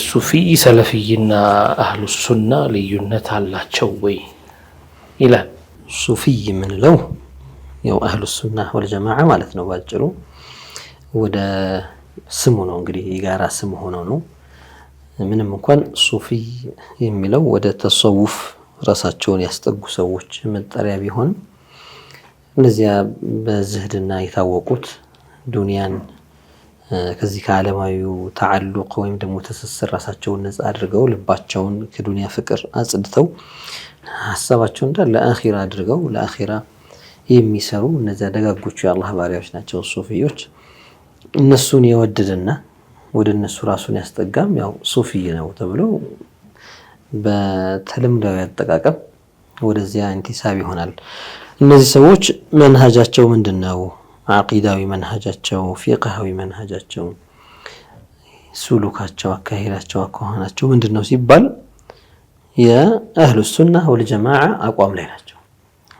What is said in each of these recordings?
ሱፊይ ሰለፊይና አህሉ ሱና ልዩነት አላቸው ወይ ይላል። ሱፊይ የምንለው ያው አህሉ ሱና ወልጀማዓ ማለት ነው ባጭሩ። ወደ ስሙ ነው እንግዲህ የጋራ ስም ሆኖ ነው። ምንም እንኳን ሱፊይ የሚለው ወደ ተሰውፍ ራሳቸውን ያስጠጉ ሰዎች መጠሪያ ቢሆንም እነዚያ በዝህድና የታወቁት ዱንያን ከዚህ ከዓለማዊ ተዓሉቅ ወይም ደግሞ ትስስር ራሳቸውን ነፃ አድርገው ልባቸውን ከዱንያ ፍቅር አጽድተው ሀሳባቸው እንዳለ አኺራ አድርገው ለአኺራ የሚሰሩ እነዚያ ደጋጎቹ የአላህ ባሪያዎች ናቸው ሱፊዮች። እነሱን የወደደና ወደ እነሱ ራሱን ያስጠጋም ያው ሱፊይ ነው ተብሎ በተለምዳዊ አጠቃቀም ወደዚያ ኢንቲሳብ ይሆናል። እነዚህ ሰዎች መንሃጃቸው ምንድን ነው? አቂዳዊ መንሃጃቸው፣ ፊቅሃዊ መንሃጃቸው፣ ሱሉካቸው፣ አካሄዳቸው፣ አኳኋናቸው ምንድን ነው ሲባል የአህሉ ሱና ወልጀማዓ አቋም ላይ ናቸው።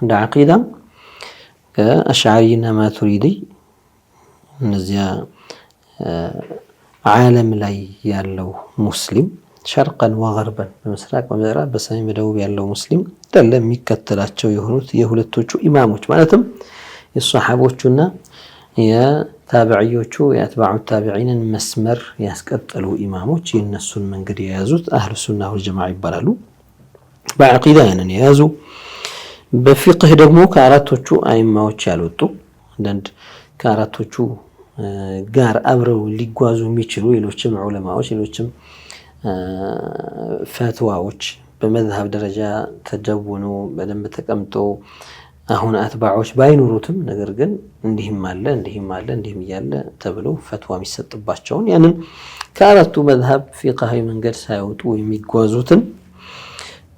እንደ አቂዳም ከአሻሪና ማቱሪዲ እነዚያ ዓለም ላይ ያለው ሙስሊም ሸርቀን ወገርበን በምስራቅ በምዕራብ በሰሜን በደቡብ ያለው ሙስሊም ደለ የሚከተላቸው የሆኑት የሁለቶቹ ኢማሞች ማለትም የሰሓቦቹና የታብዕዮቹ የአትባዑ ታቢዒንን መስመር ያስቀጠሉ ኢማሞች የነሱን መንገድ የያዙት አህል ሱና ወልጀማ ይባላሉ። በዓቂዳ ያንን የያዙ በፊቅህ ደግሞ ከአራቶቹ አይማዎች ያልወጡ አንዳንድ ከአራቶቹ ጋር አብረው ሊጓዙ የሚችሉ ሌሎችም ዑለማዎች ሌሎችም ፈትዋዎች በመዝሀብ ደረጃ ተደውኖ በደንብ ተቀምጦ አሁን አትባዎች ባይኖሩትም ነገር ግን እንዲህም አለ እንዲህም አለ እንዲህም እያለ ተብሎ ፈትዋ የሚሰጥባቸውን ያንን ከአራቱ መዝሀብ ፊቅሃዊ መንገድ ሳይወጡ የሚጓዙትን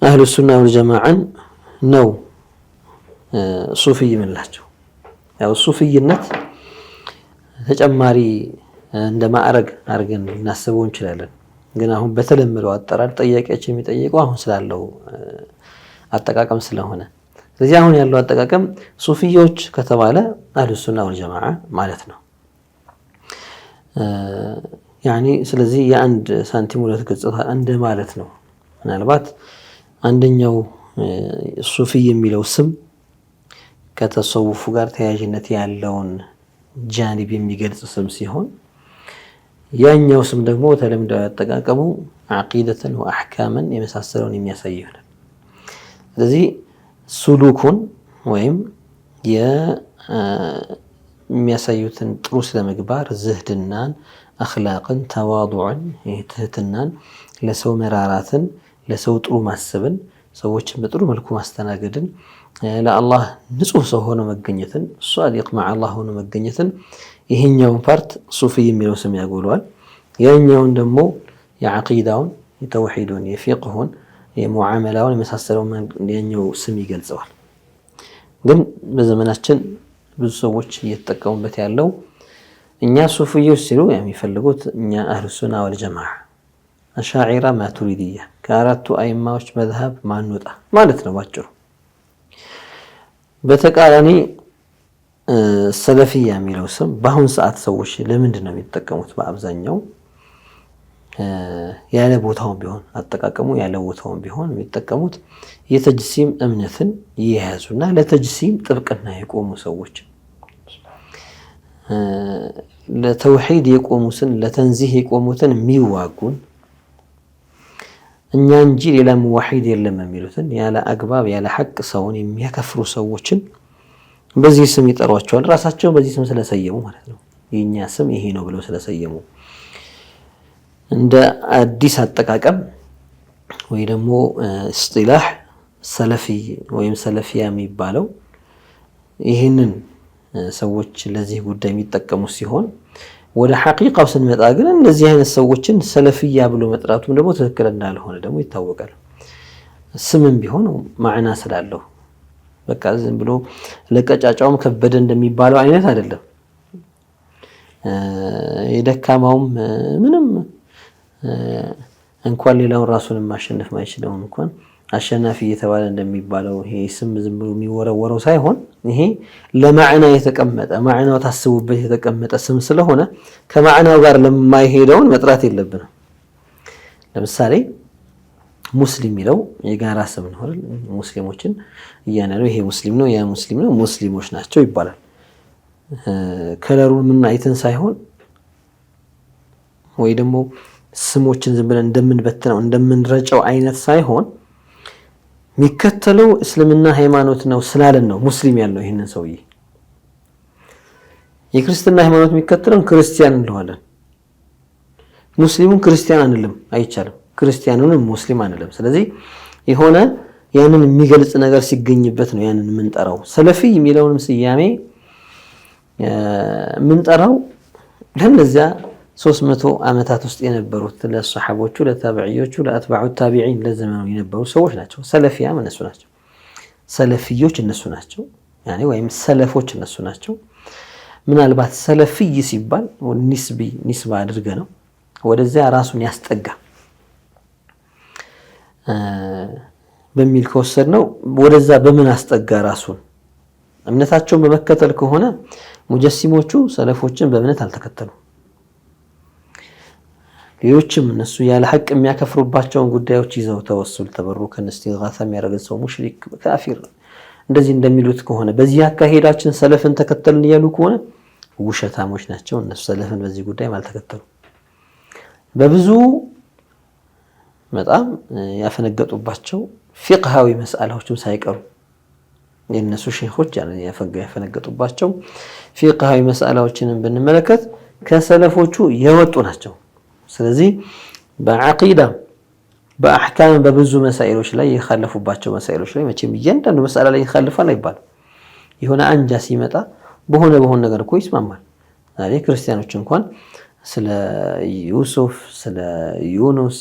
አህሉ ሱና ወልጀማዓን ነው ሱፍይ የምንላቸው። ያው ሱፍይነት ተጨማሪ እንደ ማዕረግ አድርገን ልናስበው እንችላለን። ግን አሁን በተለመደው አጠራር ጠያቂዎች የሚጠይቀው አሁን ስላለው አጠቃቀም ስለሆነ ስለዚህ አሁን ያለው አጠቃቀም ሱፊዮች ከተባለ አህልሱና ወልጀማዓ ማለት ነው። ያኒ ስለዚህ የአንድ ሳንቲም ሁለት ገጽታ እንደ ማለት ነው። ምናልባት አንደኛው ሱፊ የሚለው ስም ከተሰውፉ ጋር ተያያዥነት ያለውን ጃኒብ የሚገልጽ ስም ሲሆን ያኛው ስም ደግሞ ተለምዳዊ አጠቃቀሙ አቂደተን ወአሕካምን የመሳሰለውን የሚያሳይ ይሆናል። ስለዚህ ሱሉኩን ወይም የሚያሳዩትን ጥሩ ስለምግባር ዝህድናን፣ አኽላቅን፣ ተዋዱዕን፣ ትህትናን፣ ለሰው መራራትን፣ ለሰው ጥሩ ማሰብን፣ ሰዎችን በጥሩ መልኩ ማስተናገድን፣ ለአላህ ንጹህ ሰው ሆኖ መገኘትን፣ ሷዲቅ መዓላህ ሆኖ መገኘትን። ይህኛውን ፓርት ሱፊ የሚለው ስም ያጎለዋል። ያኛውን ደግሞ የዓቂዳውን፣ የተውሒዱን፣ የፊቅሁን የሙዓመላውን የመሳሰለው ያኛው ስም ይገልጸዋል። ግን በዘመናችን ብዙ ሰዎች እየተጠቀሙበት ያለው እኛ ሱፍዮች ሲሉ የሚፈልጉት እኛ አህሉ ሱና ወልጀማ አሻዒራ ማቱሪድያ ከአራቱ አይማዎች መዝሃብ ማንወጣ ማለት ነው ባጭሩ። በተቃራኒ ሰለፊያ የሚለው ስም በአሁን ሰዓት ሰዎች ለምንድን ነው የሚጠቀሙት በአብዛኛው? ያለ ቦታውን ቢሆን አጠቃቀሙ ያለ ቦታውን ቢሆን የሚጠቀሙት የተጅሲም እምነትን እና ለተጅሲም ጥብቅና የቆሙ ሰዎች ለተውሒድ የቆሙትን ለተንዚህ የቆሙትን የሚዋጉን እኛ እንጂ ሌላ ሙዋሒድ የለም የሚሉትን ያለ አግባብ ያለ ሐቅ ሰውን የሚያከፍሩ ሰዎችን በዚህ ስም ይጠሯቸዋል። ራሳቸውን በዚህ ስም ስለሰየሙ ማለት ነው። የእኛ ስም ይሄ ነው ብለው ስለሰየሙ እንደ አዲስ አጠቃቀም ወይ ደግሞ እስጢላህ ሰለፊ ወይም ሰለፊያ የሚባለው ይህንን ሰዎች ለዚህ ጉዳይ የሚጠቀሙ ሲሆን ወደ ሐቂቃው ስንመጣ ግን እንደዚህ አይነት ሰዎችን ሰለፍያ ብሎ መጥራቱም ደግሞ ትክክል እንዳልሆነ ደግሞ ይታወቃል። ስምም ቢሆን ማዕና ስላለሁ በቃ ዝም ብሎ ለቀጫጫውም ከበደ እንደሚባለው አይነት አይደለም። የደካማውም ምንም እንኳን ሌላውን ራሱንም ማሸነፍ ማይችለውን እንኳን አሸናፊ እየተባለ እንደሚባለው ይሄ ስም ዝም ብሎ የሚወረወረው ሳይሆን ይሄ ለማዕና የተቀመጠ ማዕናው ታስቡበት የተቀመጠ ስም ስለሆነ ከማዕናው ጋር ለማይሄደውን መጥራት የለብንም። ለምሳሌ ሙስሊም የሚለው የጋራ ስም ነው አይደል? ሙስሊሞችን እያንዳንዱ ይሄ ሙስሊም ነው፣ ያ ሙስሊም ነው፣ ሙስሊሞች ናቸው ይባላል። ከለሩን ምን አይተን ሳይሆን ወይ ደግሞ ስሞችን ዝም ብለን እንደምንበትነው እንደምንረጨው አይነት ሳይሆን የሚከተለው እስልምና ሃይማኖት ነው ስላለን ነው ሙስሊም ያልነው። ይህንን ሰውዬ የክርስትና ሃይማኖት የሚከተለውን ክርስቲያን እንለዋለን። ሙስሊሙን ክርስቲያን አንልም፣ አይቻልም። ክርስቲያኑንም ሙስሊም አንልም። ስለዚህ የሆነ ያንን የሚገልጽ ነገር ሲገኝበት ነው ያንን የምንጠራው። ሰለፊ የሚለውንም ስያሜ የምንጠራው ለእነዚያ ሶስት መቶ ዓመታት ውስጥ የነበሩት ለሰሓቦቹ፣ ለታብዕዮቹ፣ ለአትባዑ ታቢዒን ለዘመኑ የነበሩ ሰዎች ናቸው። ሰለፊያም እነሱ ናቸው። ሰለፊዮች እነሱ ናቸው፣ ወይም ሰለፎች እነሱ ናቸው። ምናልባት ሰለፊይ ሲባል ኒስቢ ኒስባ አድርገ ነው ወደዚያ ራሱን ያስጠጋ በሚል ከወሰድ ነው። ወደዛ በምን አስጠጋ ራሱን? እምነታቸውን በመከተል ከሆነ ሙጀሲሞቹ ሰለፎችን በእምነት አልተከተሉም። ሌሎችም እነሱ ያለ ሀቅ የሚያከፍሩባቸውን ጉዳዮች ይዘው ተወሱል ተበሩከን እስቲጋሳ የሚያደርገን ሰው ሙሽሪክ ካፊር እንደዚህ እንደሚሉት ከሆነ በዚህ አካሄዳችን ሰለፍን ተከተልን እያሉ ከሆነ ውሸታሞች ናቸው። እነሱ ሰለፍን በዚህ ጉዳይ አልተከተሉ በብዙ በጣም ያፈነገጡባቸው ፊቅሃዊ መስአላዎችም ሳይቀሩ የእነሱ ሼኾች ያፈነገጡባቸው ፊቅሃዊ መስአላዎችንም ብንመለከት ከሰለፎቹ የወጡ ናቸው። ስለዚህ በዐቂዳ በአሕካም በብዙ መሳኤሎች ላይ የካለፉባቸው መሳኤሎች ላይ መቼም እያንዳንዱ መሳኤላ ላይ ይካልፋል አይባልም። የሆነ አንጃ ሲመጣ በሆነ በሆነ ነገር እኮ ይስማማል። ዛሬ ክርስቲያኖች እንኳን ስለ ዩሱፍ፣ ስለ ዩኑስ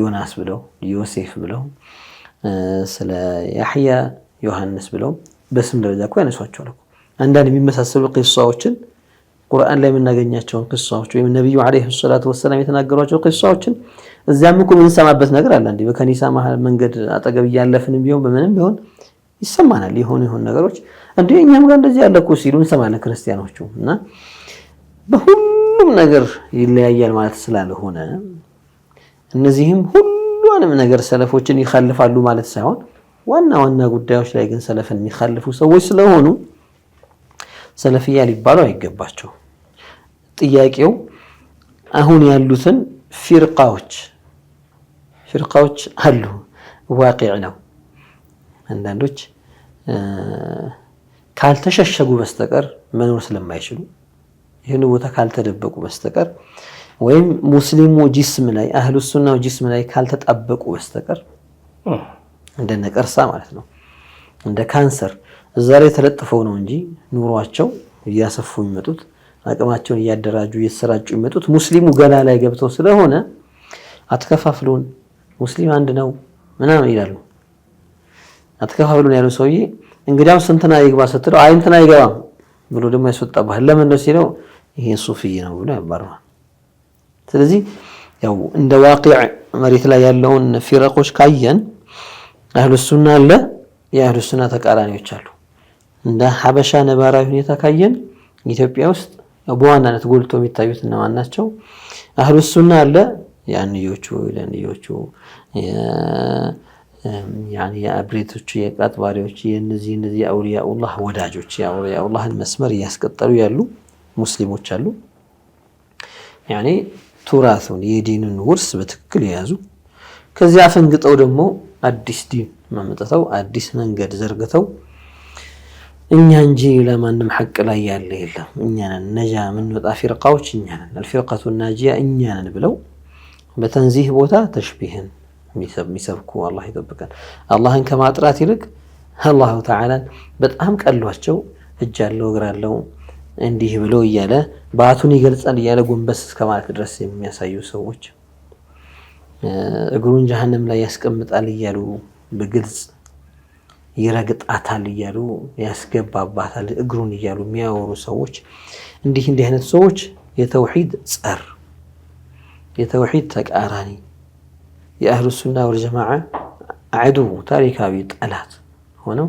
ዮናስ ብለው ዮሴፍ ብለው ስለ ያሕያ ዮሐንስ ብለው በስም ደረጃ እኮ ያነሷቸዋል። አንዳንድ የሚመሳሰሉ ቂሳዎችን ቁርአን ላይ የምናገኛቸውን ክሷዎች ወይም ነቢዩ ዓለይሂ ሰላቱ ወሰላም የተናገሯቸው ክሷዎችን እዚያም እኮ የምንሰማበት ነገር አለ። እንዲህ በከኒሳ መሀል መንገድ አጠገብ እያለፍንም ቢሆን በምንም ቢሆን ይሰማናል። የሆኑ የሆኑ ነገሮች እንዲህ እኛም ጋር እንደዚህ ያለ እኮ ሲሉ እንሰማለን ክርስቲያኖቹ። እና በሁሉም ነገር ይለያያል ማለት ስላልሆነ እነዚህም ሁሉንም ነገር ሰለፎችን ይካልፋሉ ማለት ሳይሆን ዋና ዋና ጉዳዮች ላይ ግን ሰለፍን የሚካልፉ ሰዎች ስለሆኑ ሰለፍያ ሊባሉ አይገባቸው። ጥያቄው አሁን ያሉትን ፊርቃዎች ፊርቃዎች አሉ። ዋቂዕ ነው። አንዳንዶች ካልተሸሸጉ በስተቀር መኖር ስለማይችሉ ይህን ቦታ ካልተደበቁ በስተቀር ወይም ሙስሊሙ ጂስም ላይ አህሉ ሱናው ጂስም ላይ ካልተጣበቁ በስተቀር እንደ ነቀርሳ ማለት ነው፣ እንደ ካንሰር እዛ ላይ ተለጥፈው ነው እንጂ ኑሯቸው እያሰፉ የሚመጡት አቅማቸውን እያደራጁ እየተሰራጩ የመጡት ሙስሊሙ ገላ ላይ ገብተው ስለሆነ አትከፋፍሉን፣ ሙስሊም አንድ ነው ምናምን ይላሉ። አትከፋፍሉን ያሉ ሰውዬ እንግዲያም ስንትና ይግባ ስትለው አይ እንትና አይገባም ብሎ ደግሞ ያስወጣባል። ለምን ነው ሲለው ይሄ ሱፍይ ነው ብሎ ያባርራል። ስለዚህ ያው እንደ ዋቂዕ መሬት ላይ ያለውን ፊረቆች ካየን አህሉ ሱና አለ፣ የአህሉ ሱና ተቃራኒዎች አሉ። እንደ ሀበሻ ነባራዊ ሁኔታ ካየን ኢትዮጵያ ውስጥ በዋናነት ጎልቶ የሚታዩት እነማን ናቸው? አህሉ ሱና አለ የአንዮቹ ለንዮቹ የአብሬቶቹ የቃጥባሪዎች የነዚህ እነዚህ የአውሊያኡላህ ወዳጆች የአውሊያኡላህን መስመር እያስቀጠሉ ያሉ ሙስሊሞች አሉ። ያኔ ቱራቱን የዲንን ውርስ በትክክል የያዙ ከዚያ ፈንግጠው ደግሞ አዲስ ዲን መምጥተው አዲስ መንገድ ዘርግተው እኛ እንጂ ለማንም ሐቅ ላይ ያለ የለም። እኛ ነን ነጃ የምንወጣ ፊርቃዎች እኛ ነን፣ አልፊርቀቱ ናጂያ እኛ ነን ብለው በተንዚህ ቦታ ተሽቢህን የሚሰብኩ አላህ ይጠብቀን። አላህን ከማጥራት ይልቅ አላሁ ተዓላን በጣም ቀሏቸው እጅ አለው እግር አለው እንዲህ ብሎ እያለ በአቱን ይገልጻል እያለ ጎንበስ እስከማለት ድረስ የሚያሳዩ ሰዎች እግሩን ጀሀነም ላይ ያስቀምጣል እያሉ በግልጽ ይረግጣታል እያሉ ያስገባባታል እግሩን እያሉ የሚያወሩ ሰዎች እንዲህ እንዲህ አይነት ሰዎች የተውሂድ ጸር፣ የተውሂድ ተቃራኒ፣ የአህሉ ሱና ወልጀማዓ አዕዱ ታሪካዊ ጠላት ሆነው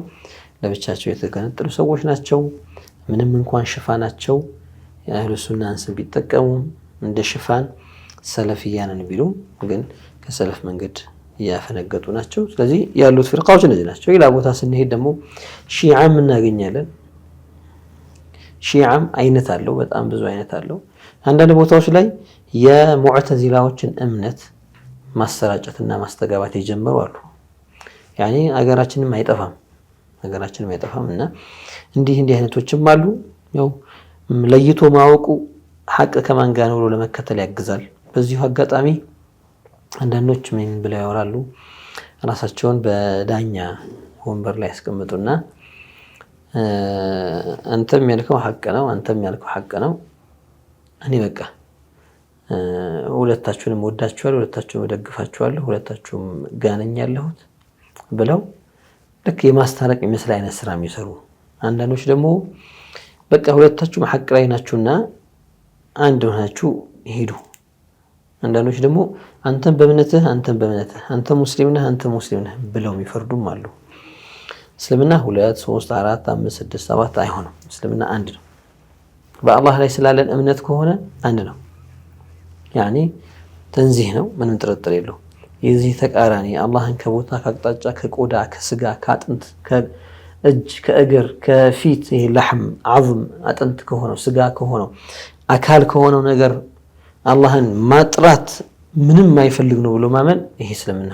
ለብቻቸው የተገነጠሉ ሰዎች ናቸው። ምንም እንኳን ሽፋናቸው የአህሉ ሱናን ስም ቢጠቀሙም እንደ ሽፋን ሰለፍያ ነን ቢሉም ግን ከሰለፍ መንገድ ያፈነገጡ ናቸው። ስለዚህ ያሉት ፊርቃዎች እነዚህ ናቸው። ሌላ ቦታ ስንሄድ ደግሞ ሺዓም እናገኛለን። ሺዓም አይነት አለው፣ በጣም ብዙ አይነት አለው። አንዳንድ ቦታዎች ላይ የሙዕተዚላዎችን እምነት ማሰራጨትና ማስተጋባት የጀመሩ አሉ። ያኔ ሀገራችንም አይጠፋም ሀገራችንም አይጠፋም እና እንዲህ እንዲህ አይነቶችም አሉ። ያው ለይቶ ማወቁ ሀቅ ከማን ጋር ነው ብሎ ለመከተል ያግዛል። በዚሁ አጋጣሚ አንዳንዶች ምን ብለው ያወራሉ? ራሳቸውን በዳኛ ወንበር ላይ ያስቀምጡና አንተም ያልከው ሀቅ ነው፣ አንተም ያልከው ሀቅ ነው፣ እኔ በቃ ሁለታችሁንም ወዳችኋል፣ ሁለታችሁም እደግፋችኋለሁ፣ ሁለታችሁም ጋነኝ ያለሁት ብለው ልክ የማስታረቅ የሚመስል አይነት ስራ የሚሰሩ አንዳንዶች ደግሞ በቃ ሁለታችሁም ሀቅ ላይ ናችሁና አንድ ሆናችሁ ሄዱ። አንዳንዶች ደግሞ አንተን በእምነትህ አንተን በእምነትህ አንተ ሙስሊም ነህ አንተ ሙስሊም ነህ ብለው የሚፈርዱም አሉ። እስልምና ሁለት ሶስት አራት አምስት ስድስት ሰባት አይሆንም። እስልምና አንድ ነው። በአላህ ላይ ስላለን እምነት ከሆነ አንድ ነው። ያኔ ተንዚህ ነው፣ ምንም ጥርጥር የለው። የዚህ ተቃራኒ አላህን ከቦታ ከአቅጣጫ ከቆዳ ከስጋ ከአጥንት ከእጅ ከእግር ከፊት ይሄ ላሕም ዓዝም አጥንት ከሆነው ስጋ ከሆነው አካል ከሆነው ነገር አላህን ማጥራት ምንም አይፈልግ ነው ብሎ ማመን ይሄ እስልምና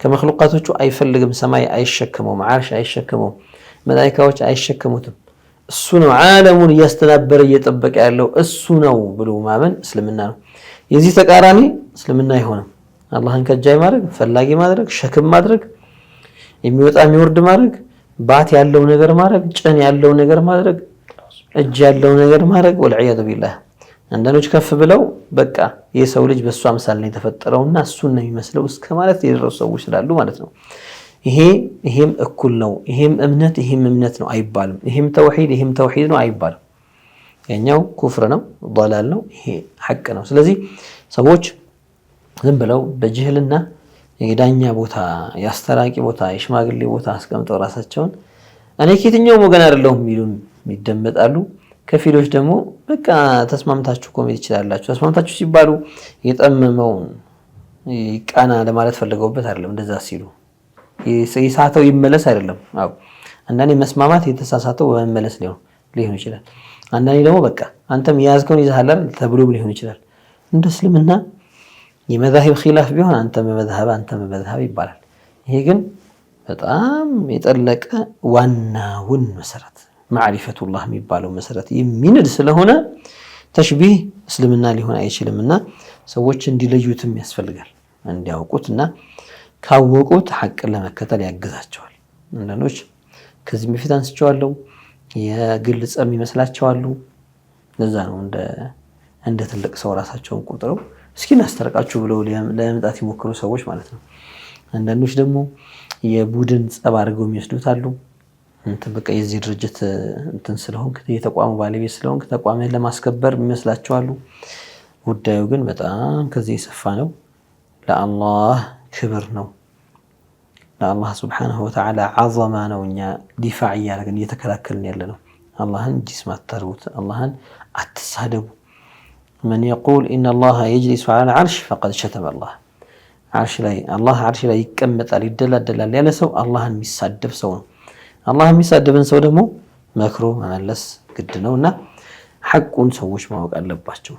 ከመክሉቃቶቹ አይፈልግም። ሰማይ አይሸከመውም፣ ዓርሽ አይሸከመውም፣ መላኢካዎች አይሸከሙትም። እሱ ነው ዓለሙን እያስተናበረ እየጠበቀ ያለው እሱ ነው ብሎ ማመን እስልምና ነው። የዚህ ተቃራኒ እስልምና አይሆንም። አላህን ከጃይ ማድረግ፣ ፈላጊ ማድረግ፣ ሸክም ማድረግ፣ የሚወጣ የሚወርድ ማድረግ፣ ባት ያለው ነገር ማድረግ፣ ጭን ያለው ነገር ማድረግ፣ እጅ ያለው ነገር ማድረግ ወልዕያዙ ቢላህ አንዳንዶች ከፍ ብለው በቃ የሰው ልጅ በእሱ አምሳል ነው የተፈጠረውና እሱን ነው የሚመስለው እስከ ማለት የደረሱ ሰዎች ስላሉ ማለት ነው። ይሄ ይሄም እኩል ነው፣ ይሄም እምነት ይሄም እምነት ነው አይባልም። ይሄም ተውሂድ ይሄም ተውሂድ ነው አይባልም። የኛው ኩፍር ነው ላል ነው፣ ይሄ ሐቅ ነው። ስለዚህ ሰዎች ዝም ብለው በጅህልና የዳኛ ቦታ፣ የአስተራቂ ቦታ፣ የሽማግሌ ቦታ አስቀምጠው ራሳቸውን እኔ ከየትኛውም ወገን አይደለሁም የሚሉም ይደመጣሉ። ከፊሎች ደግሞ በቃ ተስማምታችሁ ኮሜት ይችላላችሁ። ተስማምታችሁ ሲባሉ የጠመመውን ቃና ለማለት ፈልገውበት አይደለም። እንደዛ ሲሉ የሳተው ይመለስ አይደለም። አንዳንዴ መስማማት የተሳሳተው በመመለስ ሊሆን ይችላል። አንዳንዴ ደግሞ በቃ አንተም የያዝከውን ይዛሃል ተብሎም ሊሆን ይችላል። እንደ እስልምና የመዛሂብ ኪላፍ ቢሆን አንተ መዛሃብ አንተ መዛሃብ ይባላል። ይሄ ግን በጣም የጠለቀ ዋናውን መሰረት ማዕሪፈቱላህ የሚባለው መሰረት የሚንድ ስለሆነ ተሽቢህ እስልምና ሊሆን አይችልም ሰዎች እንዲለዩትም ያስፈልጋል እንዲያውቁት እና ካወቁት ሐቅን ለመከተል ያግዛቸዋል። አንዳንዶች ከዚህ በፊት አንስቸዋለሁ፣ የግል ጸም ይመስላቸዋሉ። ለዛ ነው እንደ ትልቅ ሰው ራሳቸውን ቆጥረው እስኪ እናስታርቃችሁ ብለው ለመምጣት የሞክሩ ሰዎች ማለት ነው። አንዳንዶች ደግሞ የቡድን ጸብ አድርገው የሚወስዱት አሉ። በቃ የዚህ ድርጅት እንትን ስለሆንክ የተቋሙ ባለቤት ስለሆንክ ተቋምህን ለማስከበር ይመስላችኋሉ። ጉዳዩ ግን በጣም ከዚህ የሰፋ ነው። ለአላህ ክብር ነው። ለአላህ ስብሓነሁ ወተዓላ አዘማ ነው። እኛ ዲፋዕ እያደረግን እየተከላከልን ያለ ነው። አላህን ጂስም አታርጉት። አላህን አትሳደቡ። መን የቁል ኢነላሃ የጅሊሱ ዐለል ዐርሽ ፈቀድ ሸተመ አላህ። አርሽ ላይ አላህ አርሽ ላይ ይቀመጣል ይደላደላል ያለ ሰው አላህን የሚሳደብ ሰው ነው። አላህ የሚሳደብን ሰው ደግሞ መክሮ መመለስ ግድ ነውና ሐቁን ሰዎች ማወቅ አለባቸው።